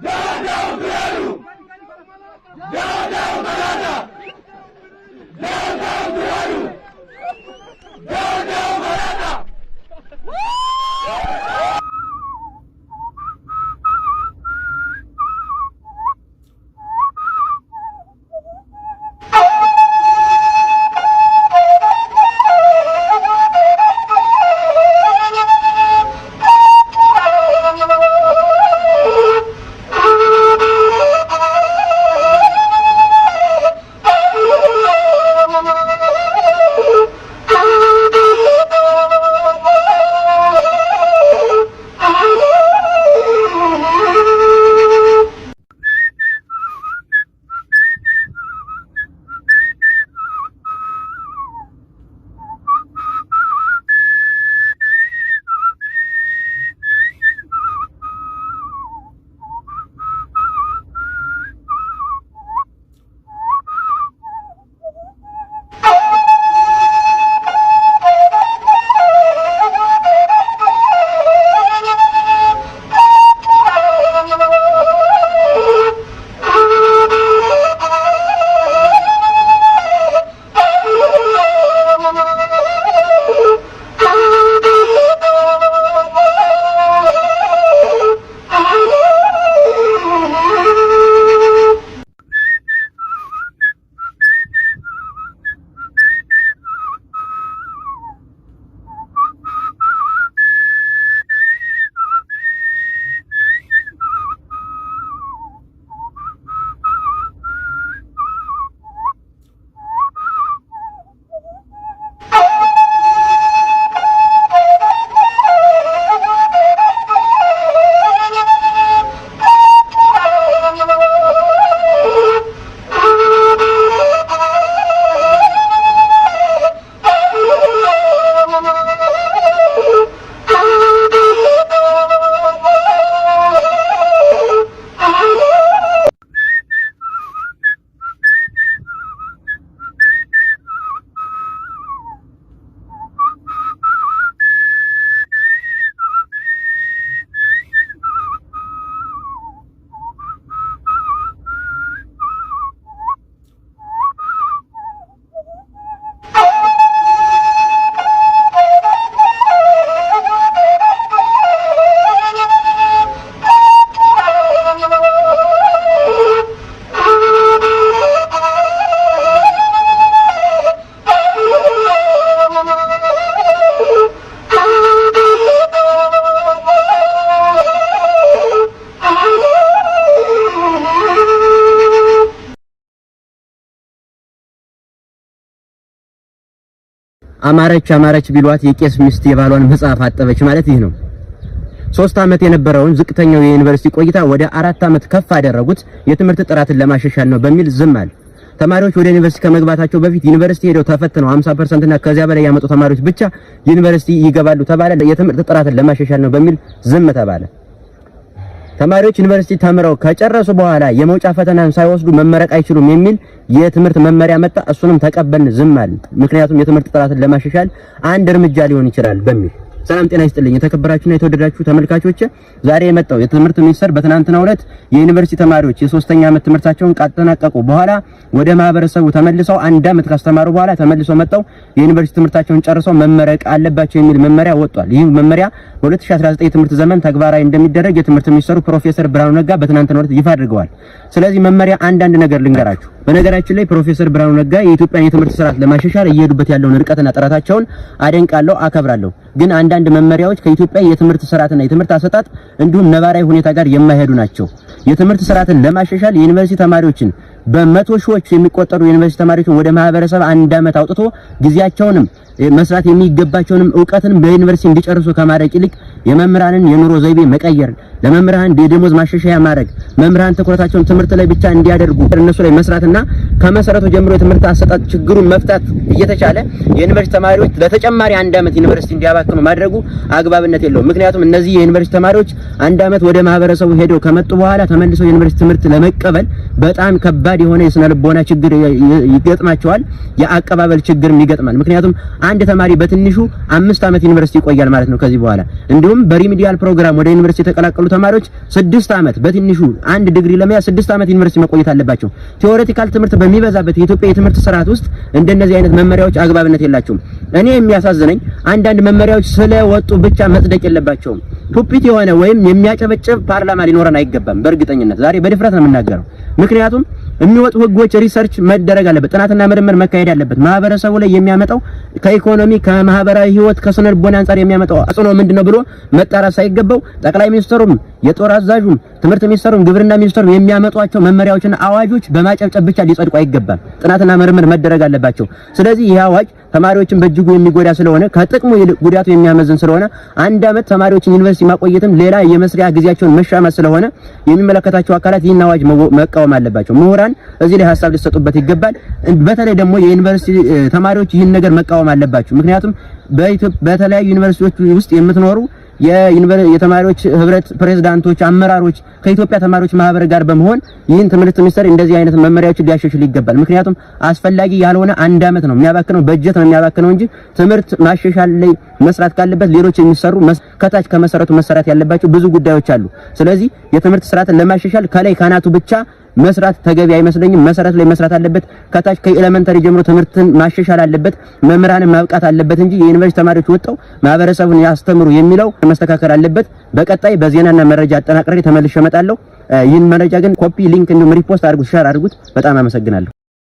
No, no, no! አማረች አማረች ቢሏት የቄስ ሚስት የባሏን መጽሐፍ አጠበች ማለት ይህ ነው። ሶስት ዓመት የነበረውን ዝቅተኛው የዩኒቨርሲቲ ቆይታ ወደ አራት ዓመት ከፍ አደረጉት። የትምህርት ጥራትን ለማሻሻል ነው በሚል ዝም አለ። ተማሪዎች ወደ ዩኒቨርሲቲ ከመግባታቸው በፊት ዩኒቨርሲቲ ሄደው ተፈትነው 50% እና ከዚያ በላይ ያመጡ ተማሪዎች ብቻ ዩኒቨርሲቲ ይገባሉ ተባለ። የትምህርት ጥራትን ለማሻሻል ነው በሚል ዝም ተባለ። ተማሪዎች ዩኒቨርሲቲ ተምረው ከጨረሱ በኋላ የመውጫ ፈተናን ሳይወስዱ መመረቅ አይችሉም የሚል የትምህርት መመሪያ መጣ። እሱንም ተቀበልን፣ ዝም አለ። ምክንያቱም የትምህርት ጥራትን ለማሻሻል አንድ እርምጃ ሊሆን ይችላል በሚል ሰላም ጤና ይስጥልኝ የተከበራችሁና የተወደዳችሁ ተመልካቾች፣ ዛሬ የመጣው የትምህርት ሚኒስቴር በትናንትናው ዕለት የዩኒቨርሲቲ ተማሪዎች የሶስተኛ ዓመት ትምህርታቸውን ካጠናቀቁ በኋላ ወደ ማህበረሰቡ ተመልሰው አንድ አመት ካስተማሩ በኋላ ተመልሰው መጣው የዩኒቨርሲቲ ትምህርታቸውን ጨርሰው መመረቅ አለባቸው የሚል መመሪያ ወጥቷል። ይህ መመሪያ በ2019 ትምህርት ዘመን ተግባራዊ እንደሚደረግ የትምህርት ሚኒስትሩ ፕሮፌሰር ብርሃኑ ነጋ በትናንትናው ዕለት ይፋ አድርገዋል። ስለዚህ መመሪያ አንዳንድ ነገር ልንገራችሁ። በነገራችን ላይ ፕሮፌሰር ብርሃኑ ነጋ የኢትዮጵያን የትምህርት ስርዓት ለማሻሻል እየሄዱበት ያለውን ርቀትና ጥረታቸውን አደንቃለሁ፣ አከብራለሁ። ግን አንዳንድ መመሪያዎች ከኢትዮጵያ የትምህርት ስርዓትና የትምህርት አሰጣጥ እንዲሁም ነባራዊ ሁኔታ ጋር የማይሄዱ ናቸው። የትምህርት ስርዓትን ለማሻሻል የዩኒቨርሲቲ ተማሪዎችን በመቶ ሺዎች የሚቆጠሩ የዩኒቨርሲቲ ተማሪዎችን ወደ ማህበረሰብ አንድ ዓመት አውጥቶ ጊዜያቸውንም መስራት የሚገባቸውንም እውቀትን በዩኒቨርሲቲ እንዲጨርሱ ከማድረግ ይልቅ የመምህራንን የኑሮ ዘይቤ መቀየር ለመምህራን የደሞዝ ማሻሻያ ማድረግ፣ መምህራን ትኩረታቸውን ትምህርት ላይ ብቻ እንዲያደርጉ እነሱ ላይ መስራትና ከመሰረቱ ጀምሮ የትምህርት አሰጣጥ ችግሩን መፍታት እየተቻለ የዩኒቨርሲቲ ተማሪዎች ለተጨማሪ አንድ ዓመት ዩኒቨርሲቲ እንዲያባክኑ ማድረጉ አግባብነት የለውም። ምክንያቱም እነዚህ የዩኒቨርሲቲ ተማሪዎች አንድ ዓመት ወደ ማህበረሰቡ ሄደው ከመጡ በኋላ ተመልሰው የዩኒቨርሲቲ ትምህርት ለመቀበል በጣም ከባድ የሆነ የስነ ልቦና ችግር ይገጥማቸዋል። የአቀባበል ችግርም ይገጥማል። ምክንያቱም አንድ ተማሪ በትንሹ አምስት ዓመት ዩኒቨርሲቲ ይቆያል ማለት ነው ከዚህ በኋላ እንዲሁም በሪሚዲያል ፕሮግራም ወደ ዩኒቨርሲቲ የተቀላቀሉ ተማሪዎች ስድስት ዓመት በትንሹ አንድ ዲግሪ ለመያዝ ስድስት ዓመት ዩኒቨርሲቲ መቆየት አለባቸው። ቴዎሬቲካል ትምህርት በሚበዛበት የኢትዮጵያ የትምህርት ስርዓት ውስጥ እንደነዚህ አይነት መመሪያዎች አግባብነት የላቸውም። እኔ የሚያሳዝነኝ አንዳንድ መመሪያዎች ስለወጡ ብቻ መጽደቅ የለባቸውም። ፑፒት የሆነ ወይም የሚያጨበጭብ ፓርላማ ሊኖረን አይገባም። በእርግጠኝነት ዛሬ በድፍረት ነው የምናገረው። ምክንያቱም የሚወጡ ህጎች ሪሰርች መደረግ አለበት፣ ጥናትና ምርምር መካሄድ አለበት። ማህበረሰቡ ላይ የሚያመጣው ከኢኮኖሚ ከማህበራዊ ህይወት ከስነ ልቦና አንጻር የሚያመጣው አጽኖ ምንድነው ብሎ መጣራት ሳይገባው ጠቅላይ ሚኒስትሩም የጦር አዛዡም ትምህርት ሚኒስትሩም ግብርና ሚኒስትሩም የሚያመጧቸው መመሪያዎችና አዋጆች በማጨብጨብ ብቻ ሊጸድቁ አይገባም። ጥናትና ምርምር መደረግ አለባቸው። ስለዚህ ይህ አዋጅ ተማሪዎችን በእጅጉ የሚጎዳ ስለሆነ ከጥቅሙ ይልቅ ጉዳቱ የሚያመዝን ስለሆነ አንድ ዓመት ተማሪዎችን ዩኒቨርሲቲ ማቆየትም ሌላ የመስሪያ ጊዜያቸውን መሻማት ስለሆነ የሚመለከታቸው አካላት ይህን አዋጅ መቃወም አለባቸው። ምሁራን እዚህ ላይ ሀሳብ ሊሰጡበት ይገባል። በተለይ ደግሞ የዩኒቨርሲቲ ተማሪዎች ይህን ነገር መቃወም አለባቸው። ምክንያቱም በተለያዩ ዩኒቨርሲቲዎች ውስጥ የምትኖሩ የተማሪዎች ህብረት ፕሬዝዳንቶች፣ አመራሮች ከኢትዮጵያ ተማሪዎች ማህበር ጋር በመሆን ይህን ትምህርት ሚኒስቴር እንደዚህ አይነት መመሪያዎች ሊያሻሽል ይገባል። ምክንያቱም አስፈላጊ ያልሆነ አንድ ዓመት ነው የሚያባክነው፣ በጀት ነው የሚያባክነው እንጂ ትምህርት ማሻሻል ላይ መስራት ካለበት ሌሎች የሚሰሩ ከታች ከመሰረቱ መሰራት ያለባቸው ብዙ ጉዳዮች አሉ። ስለዚህ የትምህርት ስርዓትን ለማሻሻል ከላይ ካናቱ ብቻ መስራት ተገቢ አይመስለኝም። መሰረት ላይ መስራት አለበት። ከታች ከኤሌመንተሪ ጀምሮ ትምህርትን ማሻሻል አለበት። መምህራንን ማብቃት አለበት እንጂ የዩኒቨርሲቲ ተማሪዎች ወጥተው ማህበረሰቡን ያስተምሩ የሚለው መስተካከል አለበት። በቀጣይ በዜናና መረጃ አጠናቅሬ ተመልሼ እመጣለሁ። ይህን መረጃ ግን ኮፒ ሊንክ፣ እንዲሁም ሪፖስት አድርጉት፣ ሼር አድርጉት። በጣም አመሰግናለሁ።